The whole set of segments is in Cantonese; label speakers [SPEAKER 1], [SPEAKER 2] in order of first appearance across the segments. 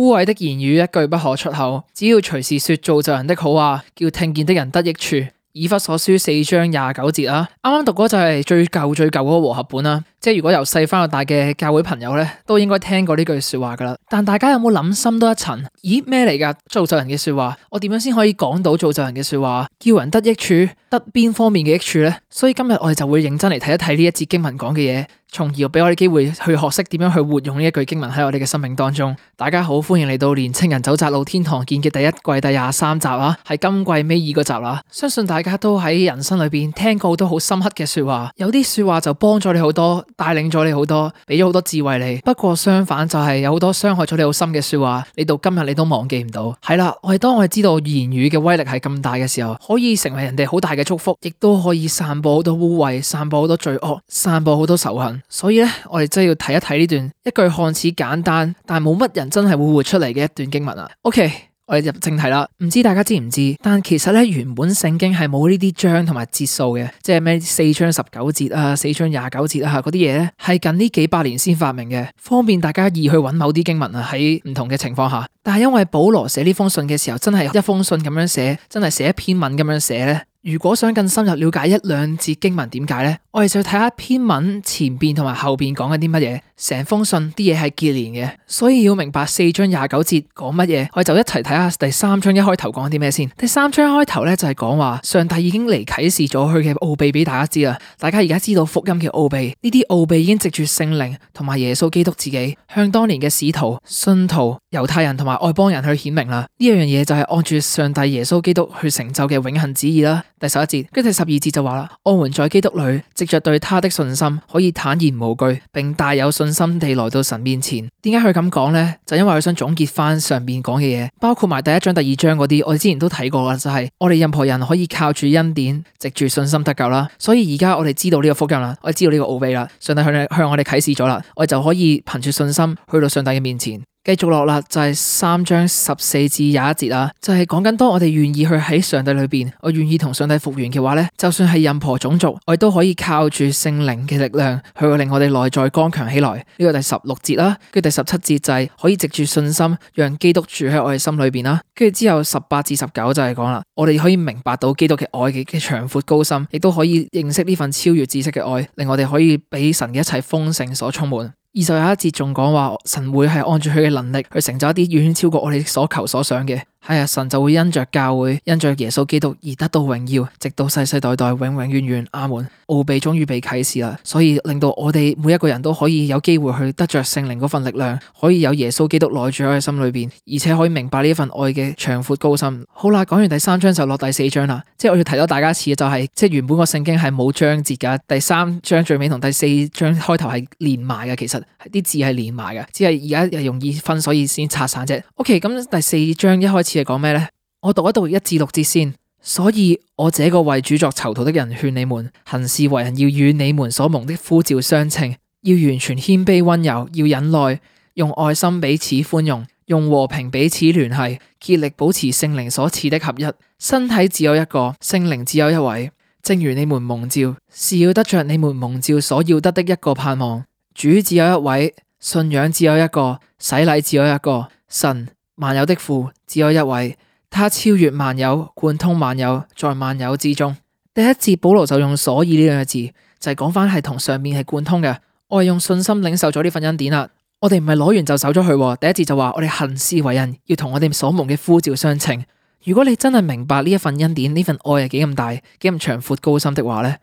[SPEAKER 1] 污穢的言語一句不可出口，只要隨時說造就人的好話，叫聽見的人得益處。以弗所書四章廿九節啊，啱啱讀嗰就係最舊最舊嗰個和合本啦、啊。即係如果由細翻到大嘅教會朋友咧，都應該聽過呢句說話噶啦。但大家有冇諗深多一層？咦，咩嚟噶？造就人嘅說話，我點樣先可以講到造就人嘅說話，叫人得益處，得邊方面嘅益處呢？所以今日我哋就會認真嚟睇一睇呢一節經文講嘅嘢。從而俾我哋機會去學識點樣去活用呢一句經文喺我哋嘅生命當中。大家好，歡迎嚟到《年青人走窄路天堂見》嘅第一季第廿三集啊，係今季尾二個集啦。相信大家都喺人生裏邊聽過好多好深刻嘅說話，有啲說話就幫咗你好多，帶領咗你好多，俾咗好多智慧你。不過相反就係有好多傷害咗你好深嘅說話，你到今日你都忘記唔到。係啦，我哋當我哋知道言語嘅威力係咁大嘅時候，可以成為人哋好大嘅祝福，亦都可以散播好多污穢，散播好多罪惡，散播好多仇恨。所以咧，我哋真係要睇一睇呢段一句看似簡單，但係冇乜人真係會活出嚟嘅一段經文啊。OK，我哋入正題啦。唔知大家知唔知？但其實咧，原本聖經係冇呢啲章同埋節數嘅，即係咩四章十九節啊，四章廿九節啊，嗰啲嘢咧係近呢幾百年先發明嘅，方便大家易去揾某啲經文啊。喺唔同嘅情況下，但係因為保羅寫呢封信嘅時候，真係一封信咁樣寫，真係寫一篇文咁樣寫咧。如果想更深入了解一兩節經文點解呢？我哋就要睇下篇文前面同埋後面講緊啲乜嘢。成封信啲嘢係結連嘅，所以要明白四章廿九節講乜嘢，我哋就一齊睇下第三章一開頭講啲咩先。第三章一開頭咧就係講話上帝已經嚟啟示咗佢嘅奧秘俾大家知啦，大家而家知道福音嘅奧秘，呢啲奧秘已經藉住聖靈同埋耶穌基督自己向當年嘅使徒、信徒、猶太人同埋外邦人去顯明啦。呢一樣嘢就係按住上帝耶穌基督去成就嘅永恆旨意啦。第十一節跟住十二節就話啦，我們在基督裏藉着對他的信心可以坦然無懼，並大有信。心地來到神面前，點解佢咁講呢？就因為佢想總結翻上面講嘅嘢，包括埋第一章、第二章嗰啲，我哋之前都睇過啦。就係我哋任何人可以靠住恩典，藉住信心得救啦。所以而家我哋知道呢個福音啦，我哋知道呢個奧秘啦。上帝向你向我哋啟示咗啦，我哋就可以憑住信心去到上帝嘅面前。繼續落啦，就係、是、三章十四至廿一節啊，就係講緊當我哋願意去喺上帝裏面，我願意同上帝復原嘅話呢，就算係任何種族，我哋都可以靠住聖靈嘅力量去令我哋內在剛強起來。呢、這個第十六節啦，跟住第十七節就係可以藉住信心，讓基督住喺我哋心裏面啦。跟住之後十八至十九就係講啦，我哋可以明白到基督嘅愛嘅長闊高深，亦都可以認識呢份超越知識嘅愛，令我哋可以俾神嘅一切豐盛所充滿。二十有一節仲講話，神會係按住佢嘅能力去成就一啲遠遠超過我哋所求所想嘅。係啊、哎，神就會因着教會，因着耶穌基督而得到榮耀，直到世世代代，永永遠遠。阿門。奧祕終於被啟示啦，所以令到我哋每一個人都可以有機會去得着聖靈嗰份力量，可以有耶穌基督內住喺心裏邊，而且可以明白呢份愛嘅長闊高深。好啦，講完第三章就落第四章啦，即係我要提多大家一次、就是，就係即係原本個聖經係冇章節噶，第三章最尾同第四章開頭係連埋嘅，其實啲字係連埋嘅，只係而家又容易分，所以先拆散啫。OK，咁第四章一開始。次係講咩呢？我讀一讀一至六節先。所以我這個為主作囚徒的人，勸你們行事為人要與你們所蒙的呼召相稱，要完全謙卑溫柔，要忍耐，用愛心彼此寬容，用和平彼此聯繫，竭力保持聖靈所賜的合一。身體只有一個，聖靈只有一位，正如你們蒙召是要得着你們蒙召所要得的一個盼望。主只有一位，信仰只有一個，洗禮只有一個，神。萬有的父只有一位，他超越萬有，貫通萬有，在萬有之中。第一節保羅就用所以呢兩個字，就係講翻係同上面係貫通嘅。我係用信心領受咗呢份恩典啦。我哋唔係攞完就走咗去喎。第一節就話我哋行事為人要同我哋所蒙嘅呼召相稱。如果你真係明白呢一份恩典，呢份愛係幾咁大，幾咁長闊高深嘅話咧，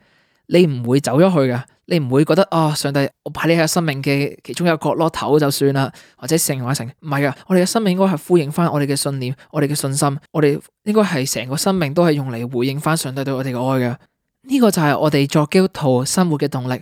[SPEAKER 1] 你唔會走咗去嘅。你唔會覺得啊、哦，上帝，我擺你喺生命嘅其中一個角落頭就算啦，或者成話成。唔係噶，我哋嘅生命應該係呼應翻我哋嘅信念，我哋嘅信心，我哋應該係成個生命都係用嚟回應翻上帝對我哋嘅愛嘅。呢個就係我哋作基督徒生活嘅動力，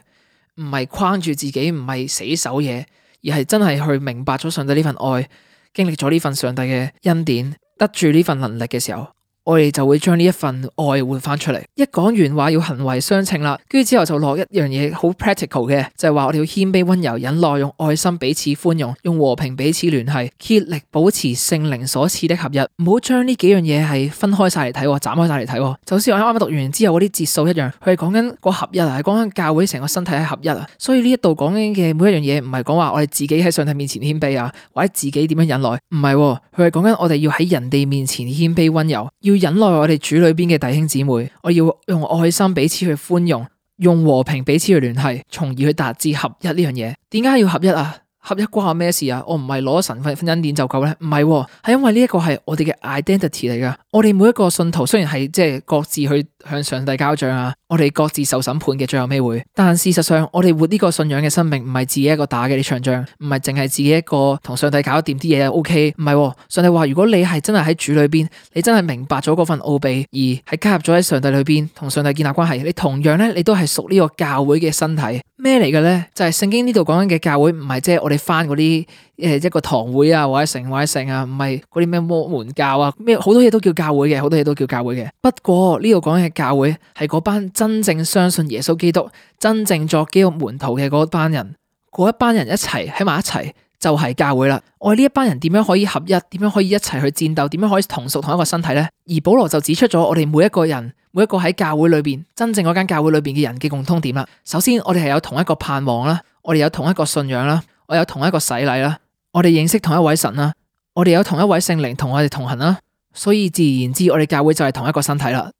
[SPEAKER 1] 唔係框住自己，唔係死守嘢，而係真係去明白咗上帝呢份愛，經歷咗呢份上帝嘅恩典，得住呢份能力嘅時候。我哋就會將呢一份愛換翻出嚟。一講完話要行為相稱啦，跟住之後就落一樣嘢好 practical 嘅，就係話我哋要謙卑溫柔忍耐，用愛心彼此寬容，用和平彼此聯繫，竭力保持聖靈所賜的合一。唔好將呢幾樣嘢係分開晒嚟睇，斬開晒嚟睇。就好似我啱啱讀完之後嗰啲節數一樣，佢係講緊個合一啊，係講緊教會成個身體係合一啊。所以呢一度講緊嘅每一樣嘢，唔係講話我哋自己喺上帝面前謙卑啊，或者自己點樣忍耐，唔係，佢係講緊我哋要喺人哋面前謙卑溫柔，要忍耐我哋主裏邊嘅弟兄姊妹，我要用愛心彼此去寬容，用和平彼此去聯繫，從而去達至合一呢樣嘢。點解要合一啊？合一關我咩事啊？我唔係攞神份恩典就夠咧，唔係喎，係因為呢一個係我哋嘅 identity 嚟噶。我哋每一個信徒雖然係即係各自去向上帝交賬啊，我哋各自受審判嘅最後尾會，但事實上我哋活呢個信仰嘅生命唔係自己一個打嘅呢場仗，唔係淨係自己一個同上帝搞掂啲嘢就 OK。唔係喎，上帝話如果你係真係喺主裏邊，你真係明白咗嗰份奧秘而係加入咗喺上帝裏邊，同上帝建立關係，你同樣咧你都係屬呢個教會嘅身體咩嚟嘅咧？就係聖經呢度講緊嘅教會，唔係即係我哋。翻嗰啲誒一個堂會啊，或者城或者城啊，唔係嗰啲咩摩門教啊，咩好多嘢都叫教會嘅，好多嘢都叫教會嘅。不過呢度講嘅教會係嗰班真正相信耶穌基督、真正作基督門徒嘅嗰班人，嗰一班人一齊喺埋一齊就係教會啦。我哋呢一班人點樣可以合一？點樣可以一齊去戰鬥？點樣可以同屬同一個身體呢？而保羅就指出咗我哋每一個人每一個喺教會裏邊真正嗰間教會裏邊嘅人嘅共通點啦。首先我哋係有同一個盼望啦，我哋有同一個信仰啦。我有同一個洗禮啦，我哋認識同一位神啦，我哋有同一位聖靈同我哋同行啦，所以自然之我哋教會就係同一個身體啦。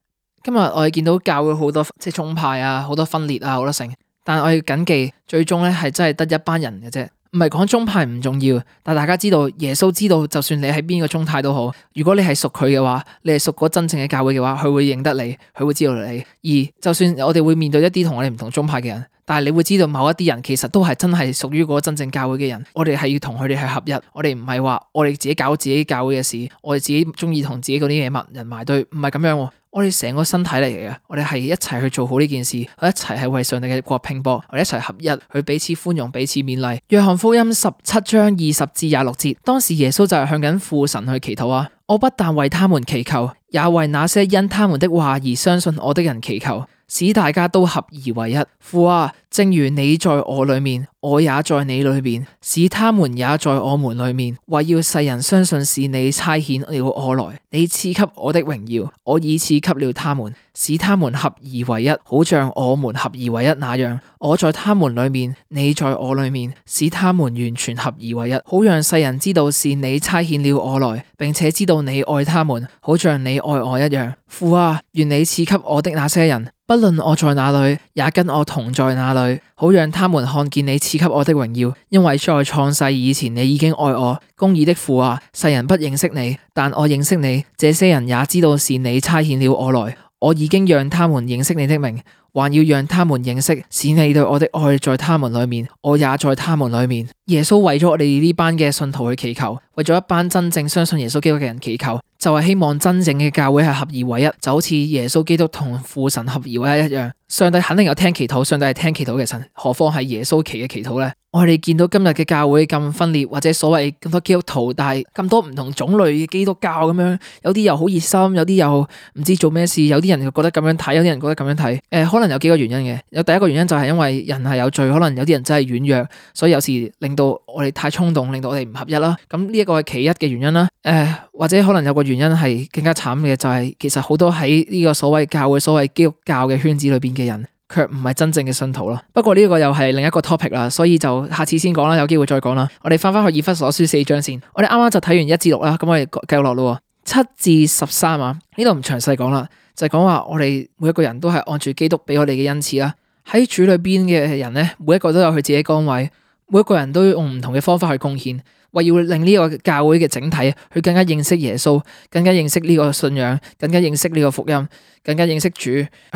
[SPEAKER 1] 今日我哋見到教會好多即係宗派啊，好多分裂啊，好多成，但我要謹記，最終咧係真係得一班人嘅啫。唔係講宗派唔重要，但大家知道耶穌知道，就算你喺邊個宗派都好，如果你係屬佢嘅話，你係屬嗰真正嘅教會嘅話，佢會認得你，佢會知道你。而就算我哋會面對一啲同我哋唔同宗派嘅人，但係你會知道某一啲人其實都係真係屬於嗰真正教會嘅人。我哋係要同佢哋係合一，我哋唔係話我哋自己搞自己教會嘅事，我哋自己中意同自己嗰啲嘢物人埋堆，唔係咁樣喎。我哋成個身體嚟嘅，我哋係一齊去做好呢件事，我哋一齊係為上帝嘅國拼搏，我哋一齊合一去彼此寬容、彼此勉勵。約翰福音十七章二十至廿六節，當時耶穌就係向緊父神去祈禱啊！我不但為他們祈求，也為那些因他們的話而相信我的人祈求。使大家都合而為一，父啊，正如你在我裏面，我也在你裏面，使他們也在我們裏面，為要世人相信是你差遣了我來。你賜給我的榮耀，我已賜給了他們，使他們合而為一，好像我們合而為一那樣。我在他們裏面，你在我裏面，使他們完全合而為一，好讓世人知道是你差遣了我來，並且知道你愛他們，好像你愛我一樣。父啊，願你賜給我的那些人。不論我在哪裏，也跟我同在哪裏，好讓他們看見你賜給我的榮耀。因為在創世以前，你已經愛我。公義的父啊，世人不認識你，但我認識你；這些人也知道是你差遣了我來。我已經讓他們認識你的名。還要讓他們認識，使你對我的愛在他們裏面，我也在他們裏面。耶穌為咗我哋呢班嘅信徒去祈求，為咗一班真正相信耶穌基督嘅人祈求，就係希望真正嘅教會係合而為一，就好似耶穌基督同父神合而為一一樣。上帝肯定有聽祈禱，上帝係聽祈禱嘅神，何況係耶穌祈嘅祈禱呢？我哋見到今日嘅教會咁分裂，或者所謂咁多基督徒，但係咁多唔同種類嘅基督教咁樣，有啲又好熱心，有啲又唔知做咩事，有啲人覺得咁樣睇，有啲人覺得咁樣睇，誒、呃，可能。有幾個原因嘅，有第一個原因就係因為人係有罪，可能有啲人真係軟弱，所以有時令到我哋太衝動，令到我哋唔合一啦。咁呢一個係其一嘅原因啦。誒、呃，或者可能有個原因係更加慘嘅，就係、是、其實好多喺呢個所謂教會、所謂基督教嘅圈子裏邊嘅人，卻唔係真正嘅信徒咯。不過呢個又係另一個 topic 啦，所以就下次先講啦，有機會再講啦。我哋翻翻去以弗所書四章先，我哋啱啱就睇完一至六啦，咁我哋繼續落咯，七至十三啊，呢度唔詳細講啦。就係講話我哋每一個人都係按住基督畀我哋嘅恩賜啦、啊，喺主裏邊嘅人咧，每一個都有佢自己嘅崗位，每一個人都要用唔同嘅方法去貢獻，為要令呢個教會嘅整體去更加認識耶穌，更加認識呢個信仰，更加認識呢個福音，更加認識主，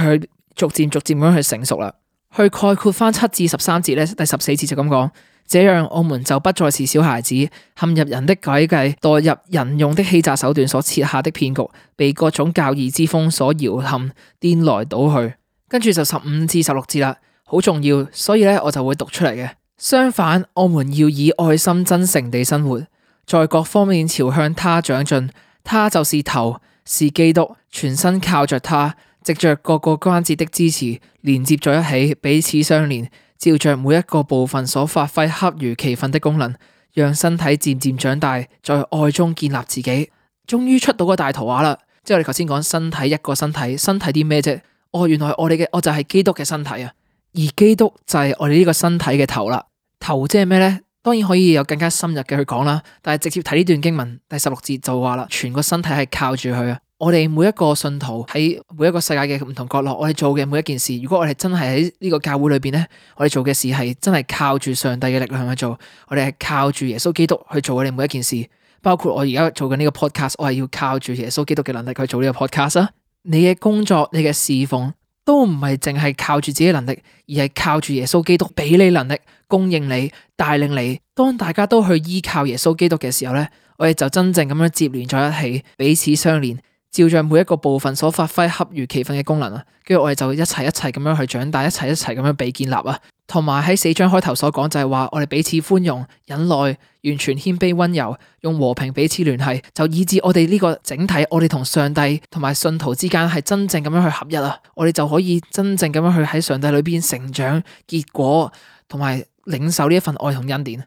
[SPEAKER 1] 去逐漸逐漸咁樣去成熟啦。去概括翻七至十三節咧，第十四節就咁講。這樣我們就不再是小孩子，陷入人的詭計，墮入人用的欺詐手段所設下的騙局，被各種教義之風所搖撼、顛來倒去。跟住就十五至十六節啦，好重要，所以呢，我就會讀出嚟嘅。相反，我們要以愛心真誠地生活，在各方面朝向他長進，他就是頭，是基督，全身靠着他，藉着各個關節的支持連接在一起，彼此相連。照着每一個部分所發揮恰如其分的功能，讓身體漸漸長大，在愛中建立自己，終於出到個大圖畫啦。即係我哋頭先講身體，一個身體，身體啲咩啫？哦，原來我哋嘅我就係基督嘅身體啊，而基督就係我哋呢個身體嘅頭啦。頭即係咩咧？當然可以有更加深入嘅去講啦。但係直接睇呢段經文第十六節就話啦，全個身體係靠住佢啊。我哋每一個信徒喺每一個世界嘅唔同角落，我哋做嘅每一件事，如果我哋真係喺呢個教會裏邊咧，我哋做嘅事係真係靠住上帝嘅力量去做，我哋係靠住耶穌基督去做我哋每一件事，包括我而家做緊呢個 podcast，我係要靠住耶穌基督嘅能力去做呢個 podcast。你嘅工作、你嘅侍奉都唔係淨係靠住自己能力，而係靠住耶穌基督俾你能力供應你、帶領你。當大家都去依靠耶穌基督嘅時候咧，我哋就真正咁樣接連在一起，彼此相連。照着每一個部分所發揮恰如其分嘅功能啊，跟住我哋就一齊一齊咁樣去長大，一齊一齊咁樣被建立啊，同埋喺四章開頭所講就係話我哋彼此寬容、忍耐、完全謙卑、溫柔，用和平彼此聯繫，就以致我哋呢個整體，我哋同上帝同埋信徒之間係真正咁樣去合一啊，我哋就可以真正咁樣去喺上帝裏邊成長、結果同埋領受呢一份愛同恩典，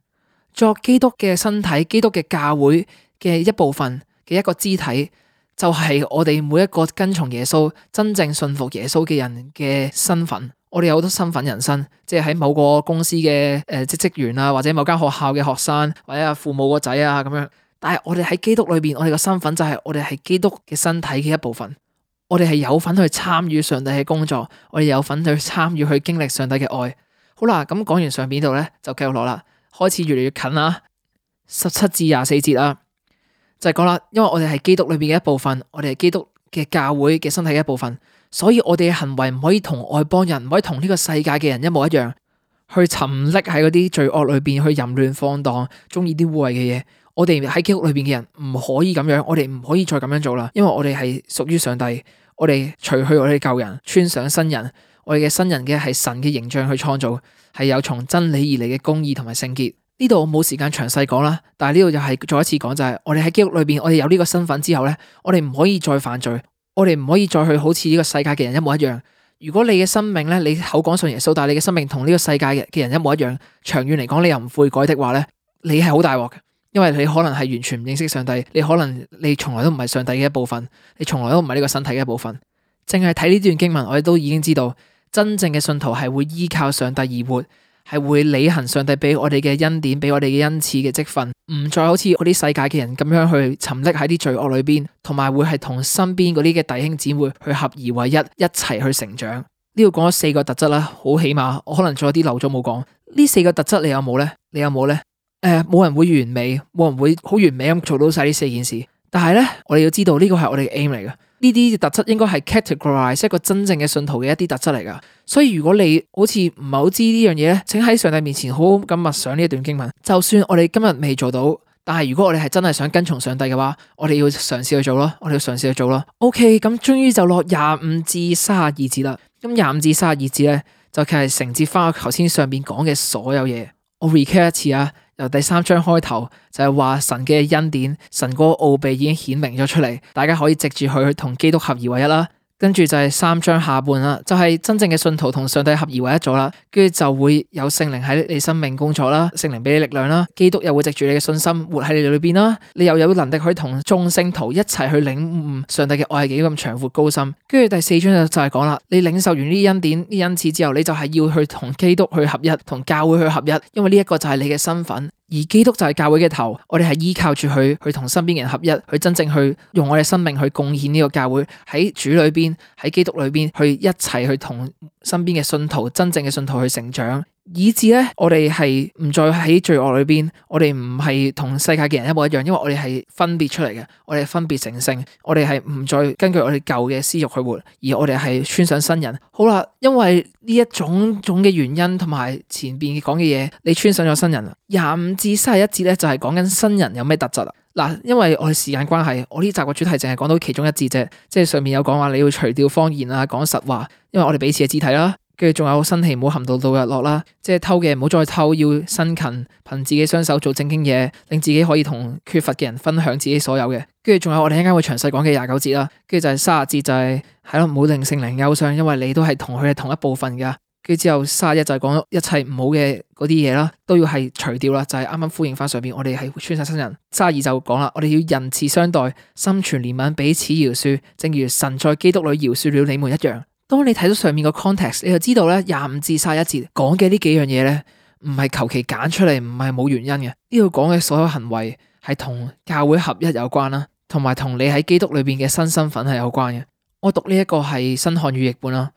[SPEAKER 1] 作基督嘅身體、基督嘅教會嘅一部分嘅一個肢體。就係我哋每一個跟從耶穌、真正信服耶穌嘅人嘅身份。我哋有好多身份人生，即係喺某個公司嘅誒即係職員啊，或者某間學校嘅學生，或者父母個仔啊咁樣。但係我哋喺基督裏邊，我哋個身份就係我哋係基督嘅身體嘅一部分。我哋係有份去參與上帝嘅工作，我哋有份去參與去經歷上帝嘅愛。好啦，咁講完上邊度咧，就繼續落啦，開始越嚟越近啊，十七至廿四節啊。就係講啦，因為我哋係基督裏邊嘅一部分，我哋係基督嘅教會嘅身體嘅一部分，所以我哋嘅行為唔可以同外邦人，唔可以同呢個世界嘅人一模一樣，去沉溺喺嗰啲罪惡裏邊，去淫亂放蕩，中意啲污穢嘅嘢。我哋喺基督裏邊嘅人唔可以咁樣，我哋唔可以再咁樣做啦，因為我哋係屬於上帝，我哋除去我哋嘅舊人，穿上新人，我哋嘅新人嘅係神嘅形象去創造，係有從真理而嚟嘅公義同埋聖潔。呢度我冇時間詳細講啦，但係呢度就係再一次講就係、是，我哋喺基督裏邊，我哋有呢個身份之後咧，我哋唔可以再犯罪，我哋唔可以再去好似呢個世界嘅人一模一樣。如果你嘅生命咧，你口講信耶穌，但係你嘅生命同呢個世界嘅嘅人一模一樣，長遠嚟講你又唔悔改的話咧，你係好大鑊嘅，因為你可能係完全唔認識上帝，你可能你從來都唔係上帝嘅一部分，你從來都唔係呢個身體嘅一部分。淨係睇呢段經文，我哋都已經知道，真正嘅信徒係會依靠上帝而活，係會履行上帝畀我哋嘅恩典，畀我哋嘅恩賜嘅積分，唔再好似嗰啲世界嘅人咁樣去沉溺喺啲罪惡裏邊，同埋會係同身邊嗰啲嘅弟兄姊妹去合而為一，一齊去成長。呢度講咗四個特質啦，好起碼我可能仲有啲漏咗冇講。呢四個特質你有冇呢？你有冇呢？誒、呃，冇人會完美，冇人會好完美咁做到晒呢四件事。但係咧，我哋要知道呢個係我哋嘅 aim 嚟嘅。呢啲特質應該係 categorize 一個真正嘅信徒嘅一啲特質嚟噶，所以如果你好似唔係好知道這呢樣嘢咧，請喺上帝面前好好咁默想呢段經文。就算我哋今日未做到，但係如果我哋係真係想跟從上帝嘅話，我哋要嘗試去做咯，我哋要嘗試去做咯。OK，咁終於就落廿五至三十二節啦。咁廿五至三十二節呢，就係承接翻我頭先上面講嘅所有嘢。我 repeat 一次啊。由第三章開頭就係、是、話神嘅恩典，神嗰個奧秘已經顯明咗出嚟，大家可以藉住佢去同基督合二為一啦。跟住就係三章下半啦，就係、是、真正嘅信徒同上帝合而為一咗啦，跟住就會有聖靈喺你生命工作啦，聖靈俾你力量啦，基督又會藉住你嘅信心活喺你裏邊啦，你又有能力可以同眾聖徒一齊去領悟上帝嘅愛係幾咁長闊高深，跟住第四章就就係講啦，你領受完呢啲恩典呢啲恩賜之後，你就係要去同基督去合一，同教會去合一，因為呢一個就係你嘅身份。而基督就係教會嘅頭，我哋係依靠住佢，去同身邊嘅人合一，去真正去用我哋生命去貢獻呢個教會，喺主裏邊，喺基督裏邊去一齊去同身邊嘅信徒，真正嘅信徒去成長。以致咧，我哋係唔再喺罪惡裏邊，我哋唔係同世界嘅人一模一樣，因為我哋係分別出嚟嘅，我哋係分別成聖，我哋係唔再根據我哋舊嘅私欲去活，而我哋係穿上新人。好啦，因為呢一種種嘅原因同埋前邊講嘅嘢，你穿上咗新人啦。廿五至卅一節咧就係講緊新人有咩特質。嗱，因為我哋時間關係，我呢集嘅主題淨係講到其中一節啫，即係上面有講話你要除掉謊言啊，講實話，因為我哋彼此嘅肢體啦。跟住仲有新奇，唔好含到到日落啦。即係偷嘅唔好再偷，要辛勤憑自己雙手做正經嘢，令自己可以同缺乏嘅人分享自己所有嘅。跟住仲有我哋一陣間會詳細講嘅廿九節啦。跟住就係卅節就係係咯，唔好令聖靈憂傷，因為你都係同佢哋同一部分噶。跟住之後卅一就係講一切唔好嘅嗰啲嘢啦，都要係除掉啦。就係啱啱呼應翻上邊，我哋係穿晒新人。卅二就講啦，我哋要仁慈相待，心存憐憫，彼此饒恕，正如神在基督裏饒恕，恕了你們一樣。當你睇到上面個 context，你就知道咧廿五至卅一節講嘅呢幾樣嘢咧，唔係求其揀出嚟，唔係冇原因嘅。呢度講嘅所有行為係同教會合一有關啦，同埋同你喺基督裏邊嘅新身份係有關嘅。我讀呢一個係新漢語譯本啦，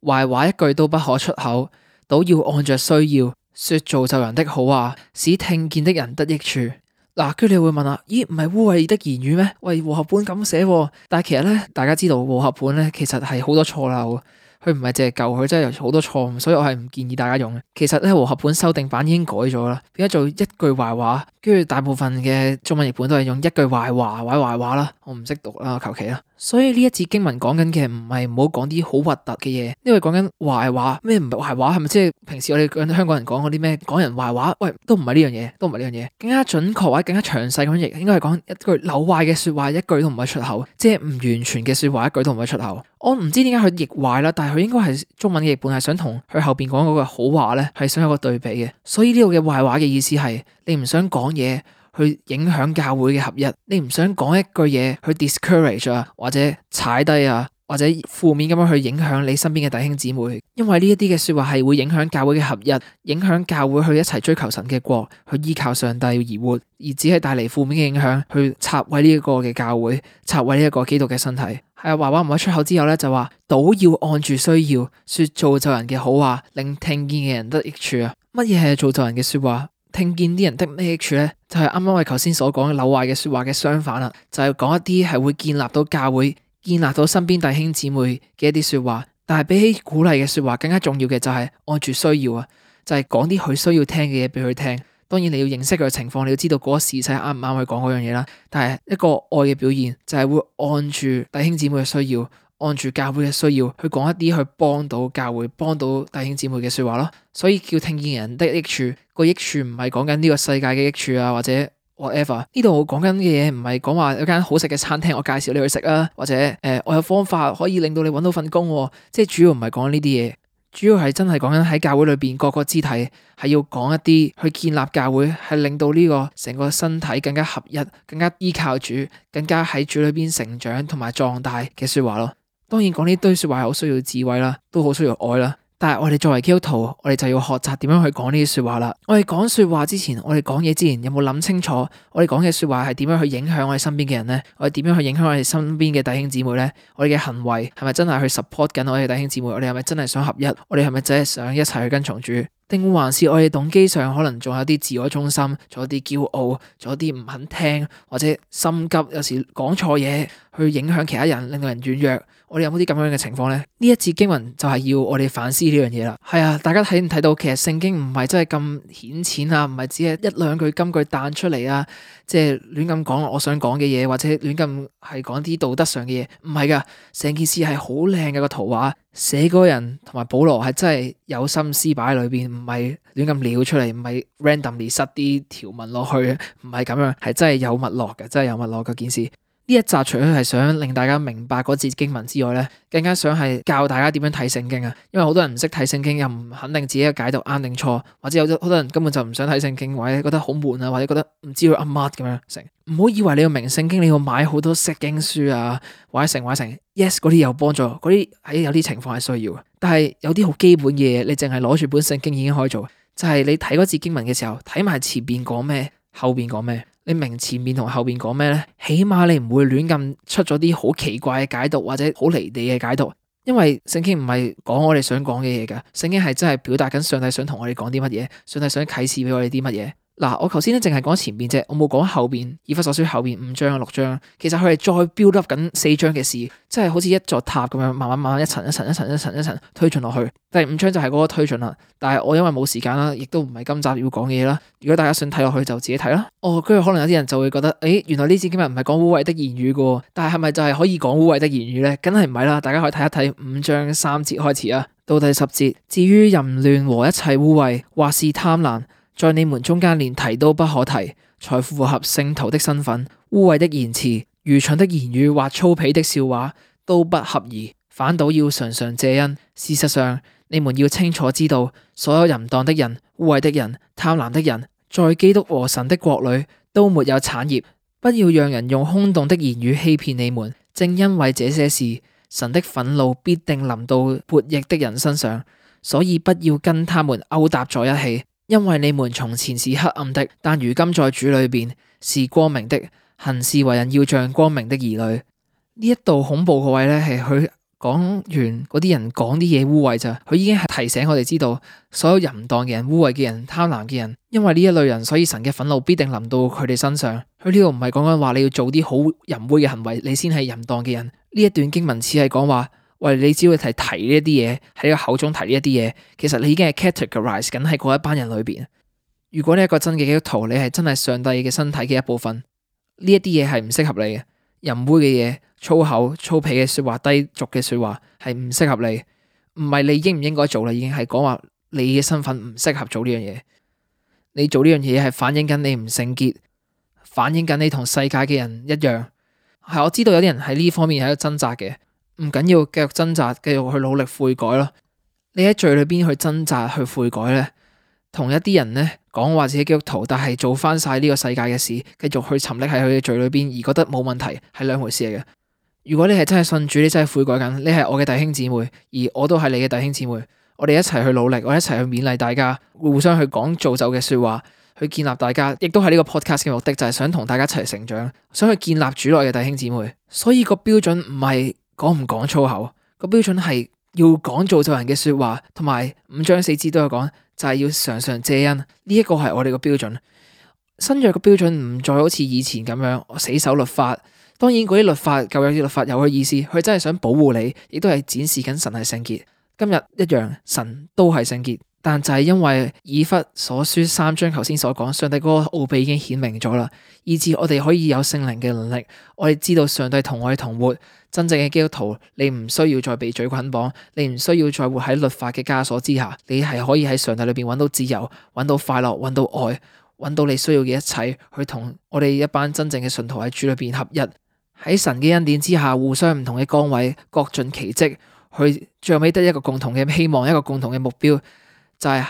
[SPEAKER 1] 壞話一句都不可出口，倒要按着需要說造就人的好話、啊，使聽見的人得益處。嗱，跟住你會問啊，咦，唔係污穢的言語咩？喂，和合本咁寫喎，但係其實咧，大家知道和合本咧，其實係好多錯漏嘅，佢唔係淨係舊，佢，真係好多錯誤，所以我係唔建議大家用嘅。其實咧，和合本修訂版已經改咗啦，變咗做一句壞話，話，跟住大部分嘅中文譯本都係用一句壞話，話，壞壞話啦，我唔識讀啦，求其啦。所以呢一節經文講緊嘅唔係唔好講啲好核突嘅嘢，因為講緊壞話咩唔係壞話係咪即係平時我哋香港人講嗰啲咩講人壞話？喂，都唔係呢樣嘢，都唔係呢樣嘢，更加準確或者更加詳細咁譯，應該係講一句扭壞嘅說話，一句都唔會出口，即係唔完全嘅說話，一句都唔會出口。我唔知點解佢譯壞啦，但係佢應該係中文嘅譯本係想同佢後邊講嗰句好話咧，係想有個對比嘅。所以呢度嘅壞話嘅意思係你唔想講嘢。去影響教會嘅合一，你唔想講一句嘢去 discourage 啊，或者踩低啊，或者負面咁樣去影響你身邊嘅弟兄姊妹，因為呢一啲嘅說話係會影響教會嘅合一，影響教會去一齊追求神嘅國，去依靠上帝而活，而只係帶嚟負面嘅影響，去拆毀呢一個嘅教會，拆毀呢一個基督嘅身體。係、哎、啊，話話唔可出口之後咧，就話倒要按住需要說造就人嘅好話，令聽見嘅人得益處啊。乜嘢係造就人嘅說話？聽見啲人的益處呢，就係啱啱我哋頭先所講嘅扭壞嘅說話嘅相反啦，就係講一啲係會建立到教會、建立到身邊弟兄姊妹嘅一啲說話。但係比起鼓勵嘅說話更加重要嘅就係按住需要啊，就係講啲佢需要聽嘅嘢俾佢聽。當然你要認識佢嘅情況，你要知道嗰個時勢啱唔啱佢講嗰樣嘢啦。但係一個愛嘅表現就係、是、會按住弟兄姊妹嘅需要。按住教會嘅需要去講一啲去幫到教會、幫到弟兄姊妹嘅說話咯，所以叫聽見人的益處，個益處唔係講緊呢個世界嘅益處啊，或者 whatever，呢度我講緊嘅嘢唔係講話有間好食嘅餐廳我介紹你去食啊，或者誒、呃、我有方法可以令到你搵到份工喎，即係主要唔係講呢啲嘢，主要係真係講緊喺教會裏邊各個肢體係要講一啲去建立教會，係令到呢個成個身體更加合一，更加依靠主、更加喺主裏邊成長同埋壯大嘅說話咯。當然講呢堆說話係好需要智慧啦，都好需要愛啦。但係我哋作為基督徒，我哋就要學習點樣去講呢啲說話啦。我哋講說話之前，我哋講嘢之前，有冇諗清楚我哋講嘅說話係點樣去影響我哋身邊嘅人咧？我哋點樣去影響我哋身邊嘅弟兄姊妹咧？我哋嘅行為係咪真係去 support 緊我哋弟兄姊妹？我哋係咪真係想合一？我哋係咪真係想一齊去跟從主？定還是我哋動機上可能仲有啲自我中心，仲有啲驕傲，仲有啲唔肯聽或者心急，有時講錯嘢去影響其他人，令到人軟弱。我哋有冇啲咁樣嘅情況咧？呢一節經文就係要我哋反思呢樣嘢啦。係啊，大家睇唔睇到？其實聖經唔係真係咁顯淺啊，唔係只係一兩句金句彈出嚟啊，即係亂咁講我想講嘅嘢，或者亂咁係講啲道德上嘅嘢，唔係噶，成件事係好靚嘅個圖畫。寫嗰個人同埋保羅係真係有心思擺喺裏邊，唔係亂咁撩出嚟，唔係 randomly 塞啲條文落去，唔係咁樣，係真係有脈絡嘅，真係有脈絡嗰件事。呢一集除咗係想令大家明白嗰節經文之外咧，更加想係教大家點樣睇聖經啊！因為好多人唔識睇聖經，又唔肯定自己嘅解讀啱定錯，或者有好多人根本就唔想睇聖經，或者覺得好悶啊，或者覺得唔知道噏乜咁樣成。唔好以為你要明聖經，你要買好多釋經書啊，或者成或者成，yes 嗰啲有幫助，嗰啲喺有啲情況係需要嘅。但係有啲好基本嘅嘢，你淨係攞住本聖經已經可以做，就係、是、你睇嗰節經文嘅時候，睇埋前邊講咩，後邊講咩。你明前面同後面講咩咧？起碼你唔會亂咁出咗啲好奇怪嘅解讀，或者好離地嘅解讀，因為聖經唔係講我哋想講嘅嘢噶，聖經係真係表達緊上帝想同我哋講啲乜嘢，上帝想啟示俾我哋啲乜嘢。嗱，我頭先咧淨係講前面啫，我冇講後邊《以弗所書》後邊五章六章，其實佢係再 build up 緊四章嘅事，即係好似一座塔咁樣，慢慢慢慢一層一層，一層一層一層一層一層推進落去。第五章就係嗰個推進啦，但係我因為冇時間啦，亦都唔係今集要講嘅嘢啦。如果大家想睇落去就自己睇啦。哦，跟住可能有啲人就會覺得，誒，原來呢節今日唔係講污穢的言語噶，但係係咪就係可以講污穢的言語咧？梗係唔係啦，大家可以睇一睇五章三節開始啊，到第十節，至於淫亂和一切污穢，或是貪婪，在你們中間連提都不可提，才符合聖徒的身份。污穢的言辭、愚蠢的言語或粗鄙的笑話都不合宜，反倒要常常謝恩。事實上，你們要清楚知道，所有淫蕩的人、污穢的人、貪婪的人，在基督和神的國裏都沒有產業。不要讓人用空洞的言語欺騙你們。正因為這些事，神的憤怒必定臨到悖逆的人身上，所以不要跟他們勾搭在一起。因為你們從前是黑暗的，但如今在主裡面是光明的。行事為人要像光明的兒女。呢一度恐怖個位咧，係佢講完嗰啲人講啲嘢污穢咋。佢已經係提醒我哋知道，所有淫蕩嘅人、污穢嘅人、貪婪嘅人，因為呢一類人，所以神嘅憤怒必定臨到佢哋身上。佢呢度唔係講緊話你要做啲好淫穢嘅行為，你先係淫蕩嘅人。呢一段經文似係講話。喂，你只會提呢一啲嘢，喺你口中提呢一啲嘢，其實你已經係 categorize 緊喺嗰一班人裏邊。如果你一個真嘅基督徒，你係真係上帝嘅身體嘅一部分，呢一啲嘢係唔適合你嘅，淫穢嘅嘢、粗口、粗鄙嘅說話、低俗嘅說話係唔適合你。唔係你應唔應該做啦，已經係講話你嘅身份唔適合做呢樣嘢。你做呢樣嘢係反映緊你唔聖潔，反映緊你同世界嘅人一樣。係，我知道有啲人喺呢方面喺度掙扎嘅。唔緊要，繼續掙扎，繼續去努力悔改咯。你喺罪裏邊去掙扎去悔改呢，同一啲人呢，講話自己基督徒，但係做翻晒呢個世界嘅事，繼續去沉溺喺佢嘅罪裏邊，而覺得冇問題，係兩回事嚟嘅。如果你係真係信主，你真係悔改緊，你係我嘅弟兄姊妹，而我都係你嘅弟兄姊妹，我哋一齊去努力，我一齊去勉勵大家，互相去講造就嘅說話，去建立大家，亦都係呢個 podcast 嘅目的，就係想同大家一齊成長，想去建立主內嘅弟兄姊妹，所以個標準唔係。講唔講粗口啊？個標準係要講造就人嘅說話，同埋五章四節都有講，就係要常常謝恩。呢一個係我哋個標準。新約個標準唔再好似以前咁樣死守律法。當然嗰啲律法舊約啲律法有佢意思，佢真係想保護你，亦都係展示緊神係聖潔。今日一樣，神都係聖潔。但就係因為以弗所書三章頭先所講，上帝嗰個奧秘已經顯明咗啦，以致我哋可以有聖靈嘅能力，我哋知道上帝同我哋同活。真正嘅基督徒，你唔需要再被罪捆綁，你唔需要再活喺律法嘅枷鎖之下，你係可以喺上帝裏邊揾到自由，揾到快樂，揾到愛，揾到你需要嘅一切，去同我哋一班真正嘅信徒喺主裏邊合一，喺神嘅恩典之下，互相唔同嘅崗位，各盡其職，去最尾得一個共同嘅希望，一個共同嘅目標。就係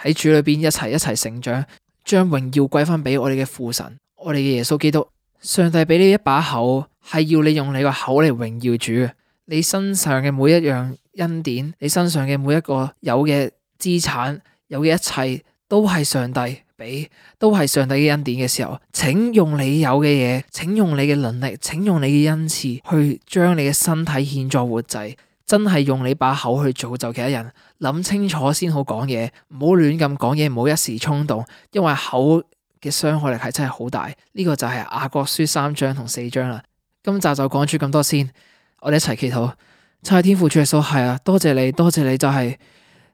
[SPEAKER 1] 喺主裏邊一齊一齊成長，將榮耀歸翻俾我哋嘅父神，我哋嘅耶穌基督。上帝俾你一把口，係要你用你個口嚟榮耀主。你身上嘅每一樣恩典，你身上嘅每一個有嘅資產，有嘅一切，都係上帝俾，都係上帝嘅恩典嘅時候，請用你有嘅嘢，請用你嘅能力，請用你嘅恩賜去將你嘅身體獻在活祭。真係用你把口去造就其他人，諗清楚先好講嘢，唔好亂咁講嘢，唔好一時衝動，因為口嘅傷害力係真係好大。呢、這個就係、是、以弗所書三章同四章啦。今集就講住咁多先，我哋一齊祈禱，差天父主耶穌，係啊，多謝，謝你，多謝，謝你、就是，就係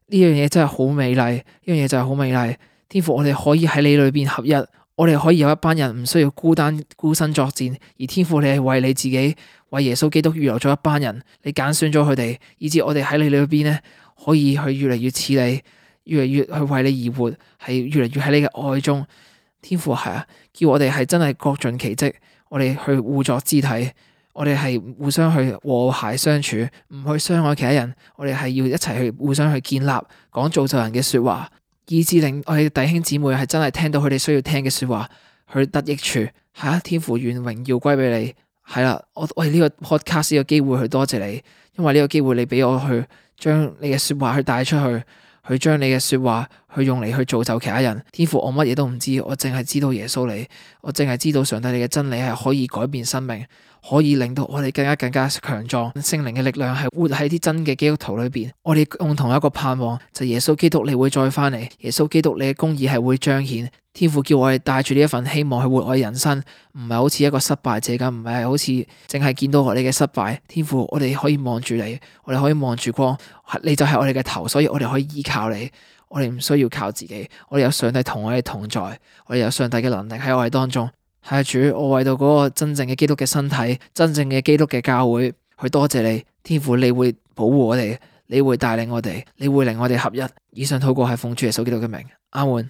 [SPEAKER 1] 呢樣嘢真係好美麗，呢樣嘢就係好美麗。天父，我哋可以喺你裏邊合一，我哋可以有一班人唔需要孤單孤身作戰，而天父你係為你自己。為耶穌基督預留咗一班人，你揀選咗佢哋，以致我哋喺你裏邊咧，可以去越嚟越似你，越嚟越去為你而活，係越嚟越喺你嘅愛中。天父係啊，叫我哋係真係各盡其職，我哋去互作肢體，我哋係互相去和諧相處，唔去傷害其他人。我哋係要一齊去互相去建立講造就人嘅說話，以致令我哋弟兄姊妹係真係聽到佢哋需要聽嘅說話，去得益處。吓，天父願榮耀歸俾你。係啦，我我呢個 podcast 呢個機會去多謝，謝你，因為呢個機會你俾我去將你嘅說話去帶出去，去將你嘅說話去用嚟去造就其他人。天父我，我乜嘢都唔知，我淨係知道耶穌你，我淨係知道上帝你嘅真理係可以改變生命，可以令到我哋更加更加強壯。聖靈嘅力量係活喺啲真嘅基督徒裏邊，我哋用同一個盼望就是耶穌基督你會再翻嚟，耶穌基督你嘅公義係會彰顯。天父叫我哋帶住呢一份希望去活我嘅人生，唔係好似一個失敗者咁，唔係好似淨係見到我哋嘅失敗。天父，我哋可以望住你，我哋可以望住光，你就係我哋嘅頭，所以我哋可以依靠你，我哋唔需要靠自己，我哋有上帝同我哋同在，我哋有上帝嘅能力喺我哋當中。係阿主，我為到嗰個真正嘅基督嘅身體、真正嘅基督嘅教會去多謝你，天父，你會保護我哋，你會帶領我哋，你會令我哋合一。以上禱告係奉主耶穌基督嘅名，阿門。